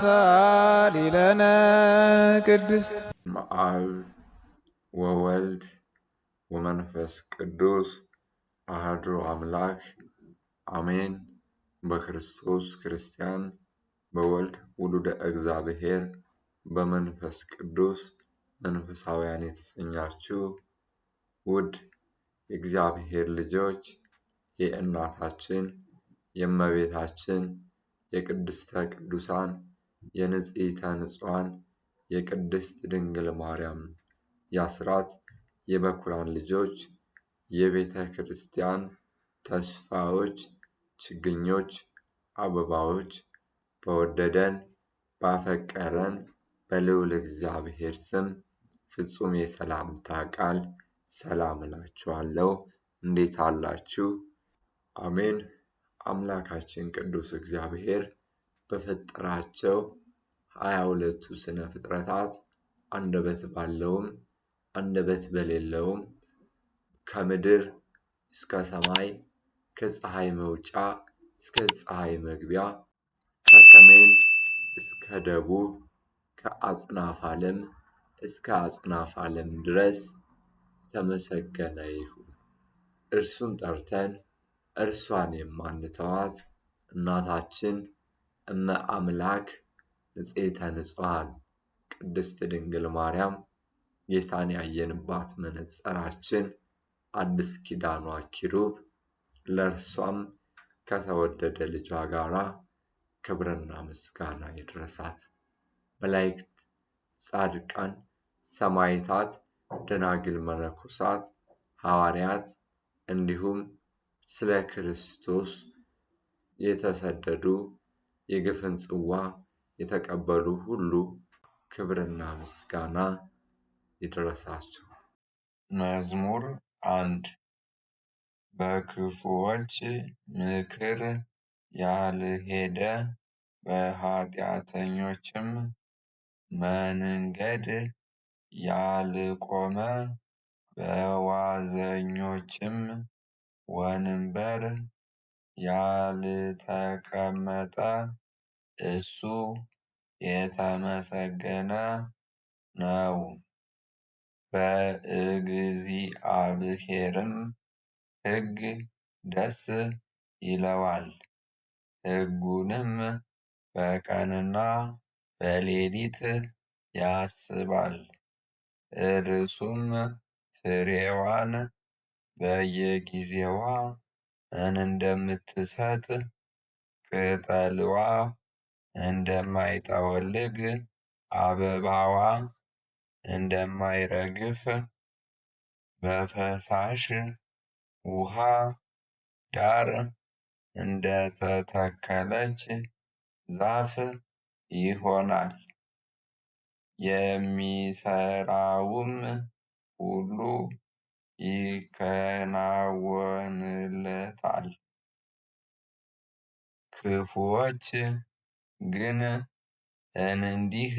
ሳሊለነ ቅድስት መአብ ወወልድ ወመንፈስ ቅዱስ አህዶ አምላክ አሜን። በክርስቶስ ክርስቲያን በወልድ ውሉደ እግዚአብሔር በመንፈስ ቅዱስ መንፈሳውያን የተሰኛችሁ ውድ የእግዚአብሔር ልጆች የእናታችን የእመቤታችን የቅድስተ ቅዱሳን የንጽሕተ ንጹሐን የቅድስት ድንግል ማርያም የአስራት የበኩራን ልጆች የቤተ ክርስቲያን ተስፋዎች ችግኞች አበባዎች በወደደን ባፈቀረን በልዑል እግዚአብሔር ስም ፍጹም የሰላምታ ቃል ሰላም እላችኋለሁ። እንዴት አላችሁ? አሜን። አምላካችን ቅዱስ እግዚአብሔር በፈጠራቸው ሀያ ሁለቱ ስነ ፍጥረታት አንደበት ባለውም አንደበት በሌለውም ከምድር እስከ ሰማይ ከፀሐይ መውጫ እስከ ፀሐይ መግቢያ ከሰሜን እስከ ደቡብ ከአጽናፍ ዓለም እስከ አጽናፍ ዓለም ድረስ ተመሰገነ ይሁን። እርሱን ጠርተን እርሷን የማንተዋት እናታችን እመ አምላክ ንጽሕተ ንጹሐን ቅድስት ድንግል ማርያም ጌታን ያየንባት መነጽራችን አዲስ ኪዳኗ ኪሩብ ለእርሷም ከተወደደ ልጇ ጋር ክብርና ምስጋና ይድረሳት። መላእክት፣ ጻድቃን፣ ሰማዕታት፣ ደናግል፣ መነኮሳት፣ ሐዋርያት እንዲሁም ስለ ክርስቶስ የተሰደዱ የግፍን ጽዋ የተቀበሉ ሁሉ ክብርና ምስጋና ይድረሳቸው። መዝሙር አንድ በክፉዎች ምክር ያልሄደ በኃጢአተኞችም መንገድ ያልቆመ በዋዘኞችም ወንበር ያልተቀመጠ እሱ የተመሰገነ ነው። በእግዚአብሔርም ሕግ ደስ ይለዋል፤ ሕጉንም በቀንና በሌሊት ያስባል። እርሱም ፍሬዋን በየጊዜዋ እንደምትሰጥ ቅጠልዋ እንደማይጠወልግ አበባዋ እንደማይረግፍ በፈሳሽ ውሃ ዳር እንደተተከለች ዛፍ ይሆናል። የሚሰራውም ሁሉ ይከናወንለታል። ክፉዎች ግን እንዲህ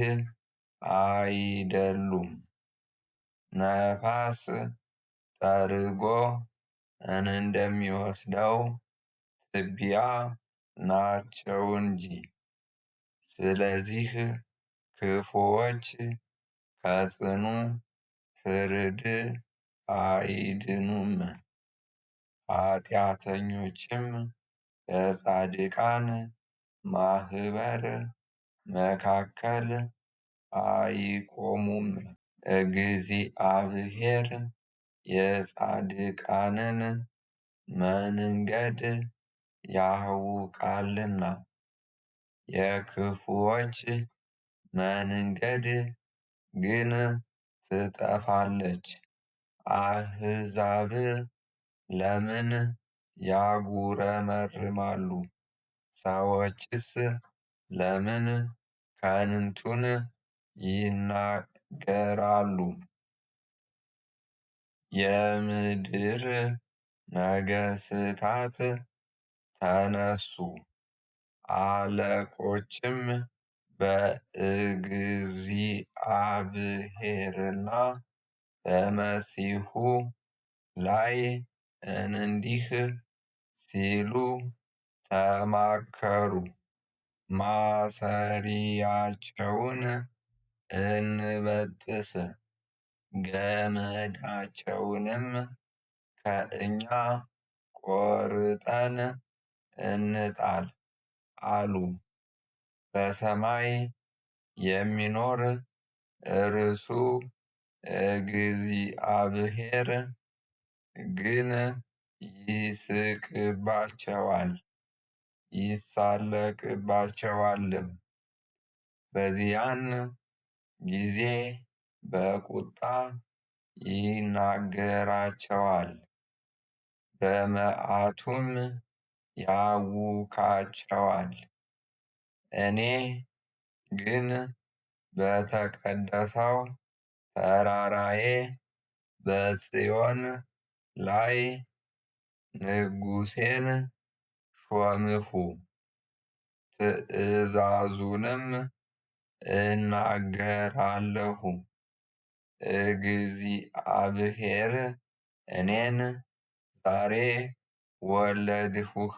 አይደሉም። ነፋስ ጠርጎ እንደሚወስደው ትቢያ ናቸው እንጂ። ስለዚህ ክፉዎች ከጽኑ ፍርድ አይድኑም። ኃጢአተኞችም በጻድቃን ማኅበር መካከል አይቆሙም። እግዚአብሔር የጻድቃንን መንገድ ያውቃልና የክፉዎች መንገድ ግን ትጠፋለች። አሕዛብ ለምን ያጉረመርማሉ? ሰዎችስ ለምን ከንቱን ይናገራሉ? የምድር ነገስታት ተነሱ፣ አለቆችም በእግዚአብሔርና በመሲሁ ላይ እንዲህ ሲሉ ተማከሩ። ማሰሪያቸውን እንበጥስ፣ ገመዳቸውንም ከእኛ ቆርጠን እንጣል አሉ። በሰማይ የሚኖር እርሱ እግዚአብሔር ግን ይስቅባቸዋል ይሳለቅባቸዋልም። በዚያን ጊዜ በቁጣ ይናገራቸዋል፣ በመዓቱም ያውካቸዋል። እኔ ግን በተቀደሰው ተራራዬ በጽዮን ላይ ንጉሴን ሾምሁ ትእዛዙንም እናገራለሁ። እግዚአብሔር እኔን ዛሬ ወለድሁህ፣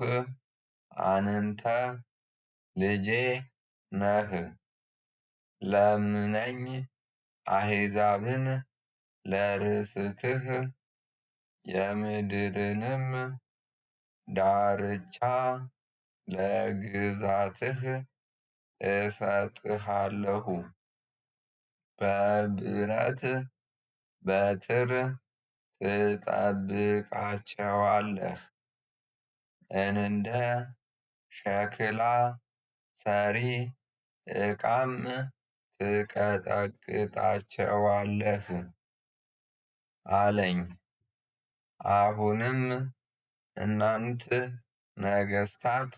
አንተ ልጄ ነህ። ለምነኝ አሕዛብን ለርስትህ የምድርንም ዳርቻ ለግዛትህ እሰጥሃለሁ። በብረት በትር ትጠብቃቸዋለህ፣ እንደ ሸክላ ሰሪ ዕቃም ትቀጠቅጣቸዋለህ አለኝ። አሁንም እናንት ነገስታት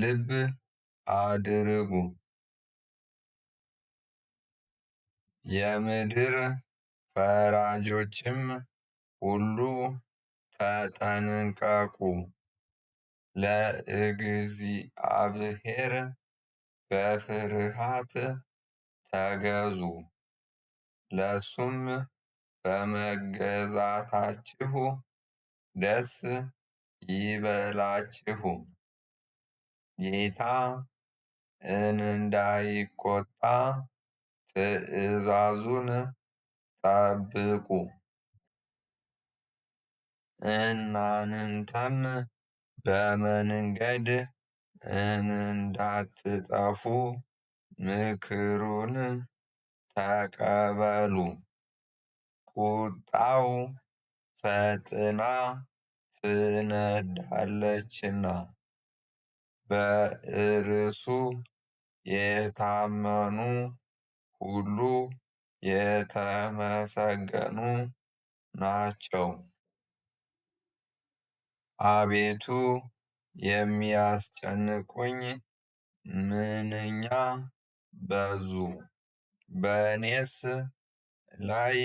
ልብ አድርጉ የምድር ፈራጆችም ሁሉ ተጠንቀቁ ለእግዚአብሔር በፍርሃት ተገዙ ለሱም በመገዛታችሁ ደስ ይበላችሁ ጌታ እንዳይቆጣ ትእዛዙን ጠብቁ። እናንተም በመንገድ እንዳትጠፉ ምክሩን ተቀበሉ። ቁጣው ፈጥና ትነዳለችና በእርሱ የታመኑ ሁሉ የተመሰገኑ ናቸው። አቤቱ የሚያስጨንቁኝ ምንኛ በዙ በእኔስ ላይ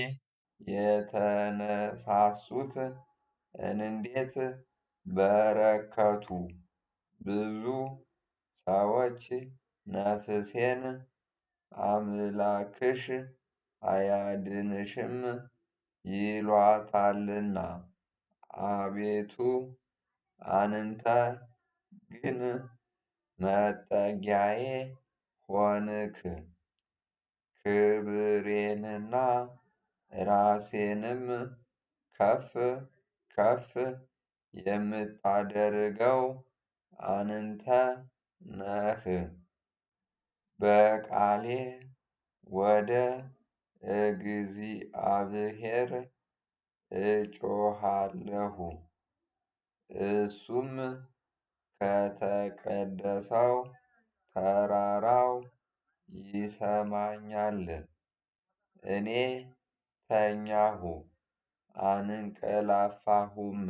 የተነሳሱት እንዴት በረከቱ! ብዙ ሰዎች ነፍሴን አምላክሽ አያድንሽም ይሏታልና። አቤቱ አንተ ግን መጠጊያዬ ሆንክ። ክብሬንና ራሴንም ከፍ ከፍ የምታደርገው አንተ ነህ። በቃሌ ወደ እግዚአብሔር እጮሃለሁ እሱም ከተቀደሰው ተራራው ይሰማኛል። እኔ ተኛሁ አንንቀላፋሁም።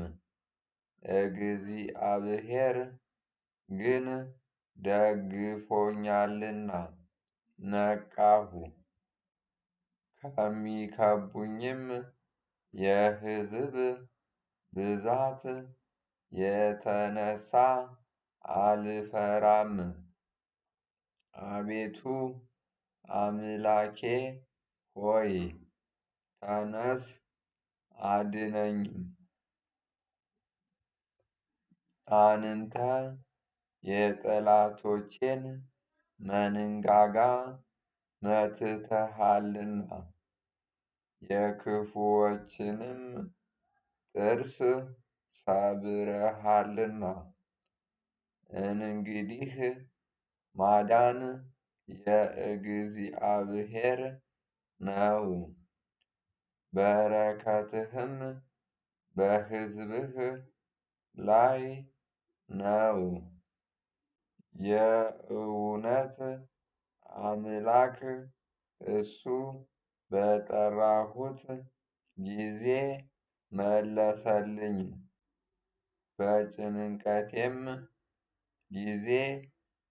እግዚአብሔር ግን ደግፎኛልና ነቃሁ። ከሚከቡኝም የህዝብ ብዛት የተነሳ አልፈራም አቤቱ አምላኬ ሆይ ተነስ አድነኝም። አንተ የጠላቶቼን መንጋጋ መትተሃልና የክፉዎችንም ጥርስ ሰብረሃልና። እንግዲህ ማዳን የእግዚአብሔር ነው። በረከትህም በሕዝብህ ላይ ነው። የእውነት አምላክ እሱ በጠራሁት ጊዜ መለሰልኝ። በጭንቀቴም ጊዜ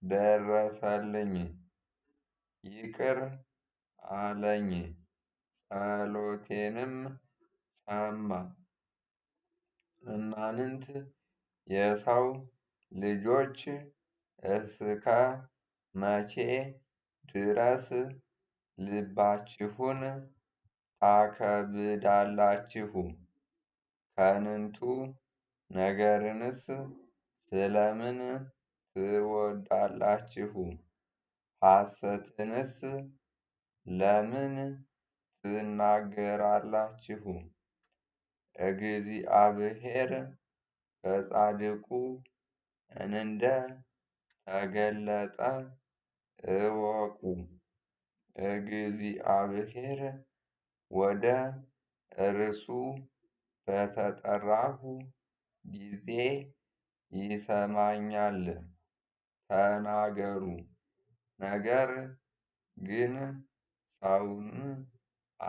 ደረሰልኝ ይቅር አለኝ ጸሎቴንም ሰማ። እናንት የሰው ልጆች እስከ መቼ ድረስ ልባችሁን ታከብዳላችሁ? ከንቱ ነገርንስ ስለምን ትወዳላችሁ? ሐሰትንስ ለምን ትናገራላችሁ? እግዚአብሔር በጻድቁ እንደ ተገለጠ እወቁ። እግዚአብሔር ወደ እርሱ በተጠራሁ ጊዜ ይሰማኛል ተናገሩ። ነገር ግን ሰውን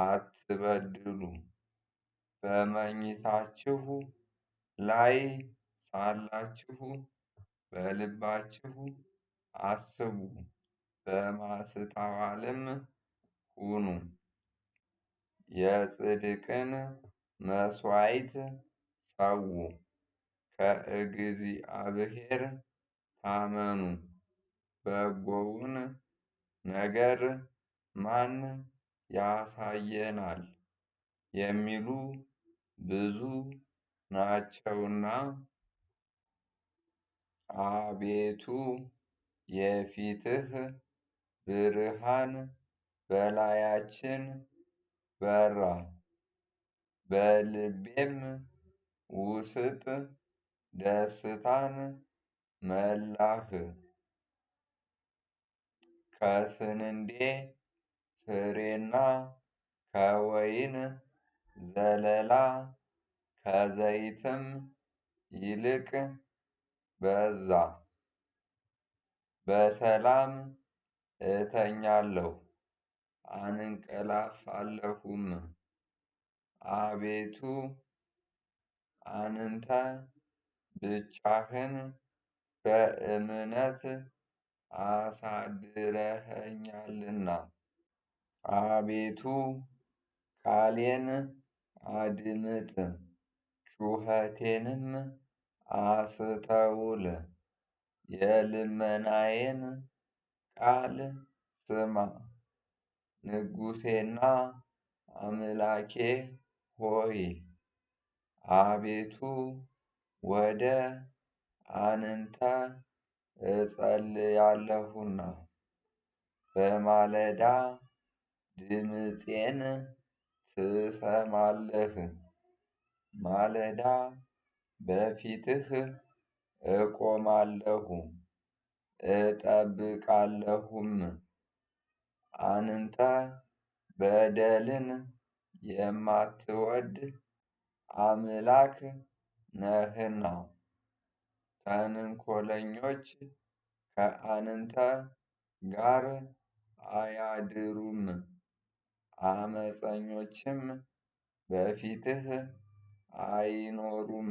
አትበድሉ፣ በመኝታችሁ ላይ ሳላችሁ በልባችሁ አስቡ፣ በማስተዋልም ሁኑ። የጽድቅን መስዋይት ሰው ከእግዚአብሔር ታመኑ። በጎውን ነገር ማን ያሳየናል? የሚሉ ብዙ ናቸውና አቤቱ የፊትህ ብርሃን በላያችን በራ። በልቤም ውስጥ ደስታን መላህ ከስንዴ ፍሬና ከወይን ዘለላ ከዘይትም ይልቅ በዛ። በሰላም እተኛለሁ አንንቀላፋለሁም። አቤቱ አንተ ብቻህን በእምነት አሳድረኸኛልና። አቤቱ ቃሌን አድምጥ፣ ጩኸቴንም አስተውል። የልመናዬን ቃል ስማ። ንጉሴና አምላኬ ሆይ አቤቱ ወደ አንንተ እጸልያለሁና በማለዳ ድምፄን ትሰማለህ። ማለዳ በፊትህ እቆማለሁ እጠብቃለሁም። አንንተ በደልን የማትወድ አምላክ ነህና ተንኮለኞች ከአንተ ጋር አያድሩም፣ አመፀኞችም በፊትህ አይኖሩም።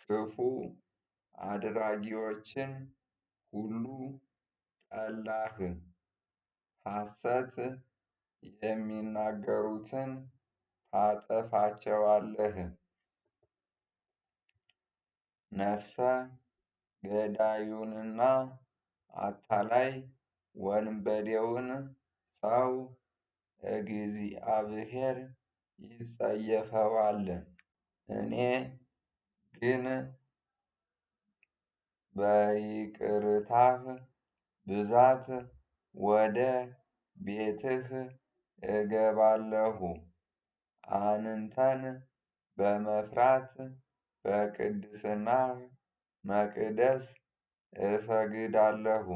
ክፉ አድራጊዎችን ሁሉ ጠላህ፣ ሐሰት የሚናገሩትን ታጠፋቸዋለህ። ነፍሰ ገዳዩንና አታላይ ወንበዴውን ሰው እግዚአብሔር ይጸየፈዋል። እኔ ግን በይቅርታህ ብዛት ወደ ቤትህ እገባለሁ አንተን በመፍራት በቅድስና መቅደስ እሰግዳለሁ።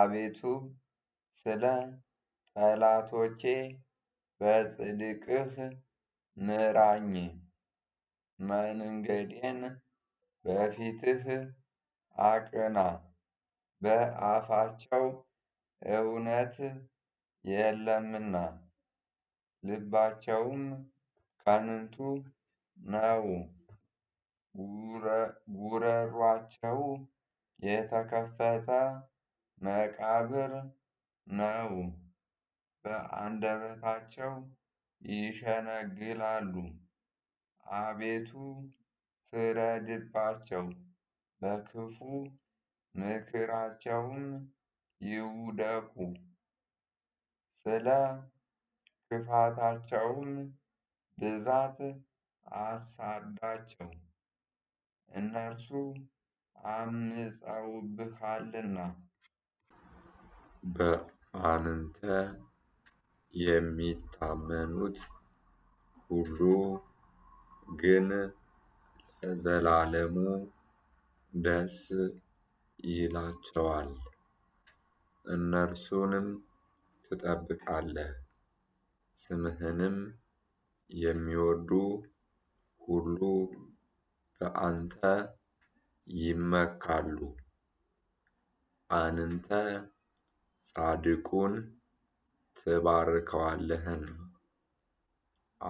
አቤቱ ስለ ጠላቶቼ በጽድቅህ ምራኝ። መንገዴን በፊትህ አቅና። በአፋቸው እውነት የለምና ልባቸውም ከንቱ ነው። ጉረሯቸው የተከፈተ መቃብር ነው። በአንደበታቸው ይሸነግላሉ። አቤቱ ፍረድባቸው፣ በክፉ ምክራቸውም ይውደቁ። ስለ ክፋታቸውም ብዛት አሳዳቸው። እነርሱ ዐምፀውብሃልና በአንተ የሚታመኑት ሁሉ ግን ለዘላለሙ ደስ ይላቸዋል፣ እነርሱንም ትጠብቃለህ። ስምህንም የሚወዱ ሁሉ በአንተ ይመካሉ። አንተ ጻድቁን ትባርከዋለህን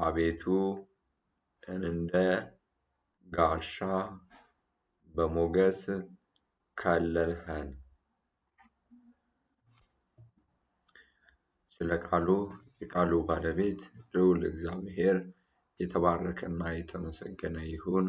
አቤቱ እንደ ጋሻ በሞገስ ከለልኸን። ስለ ቃሉ የቃሉ ባለቤት ልዑል እግዚአብሔር የተባረከና የተመሰገነ ይሁን።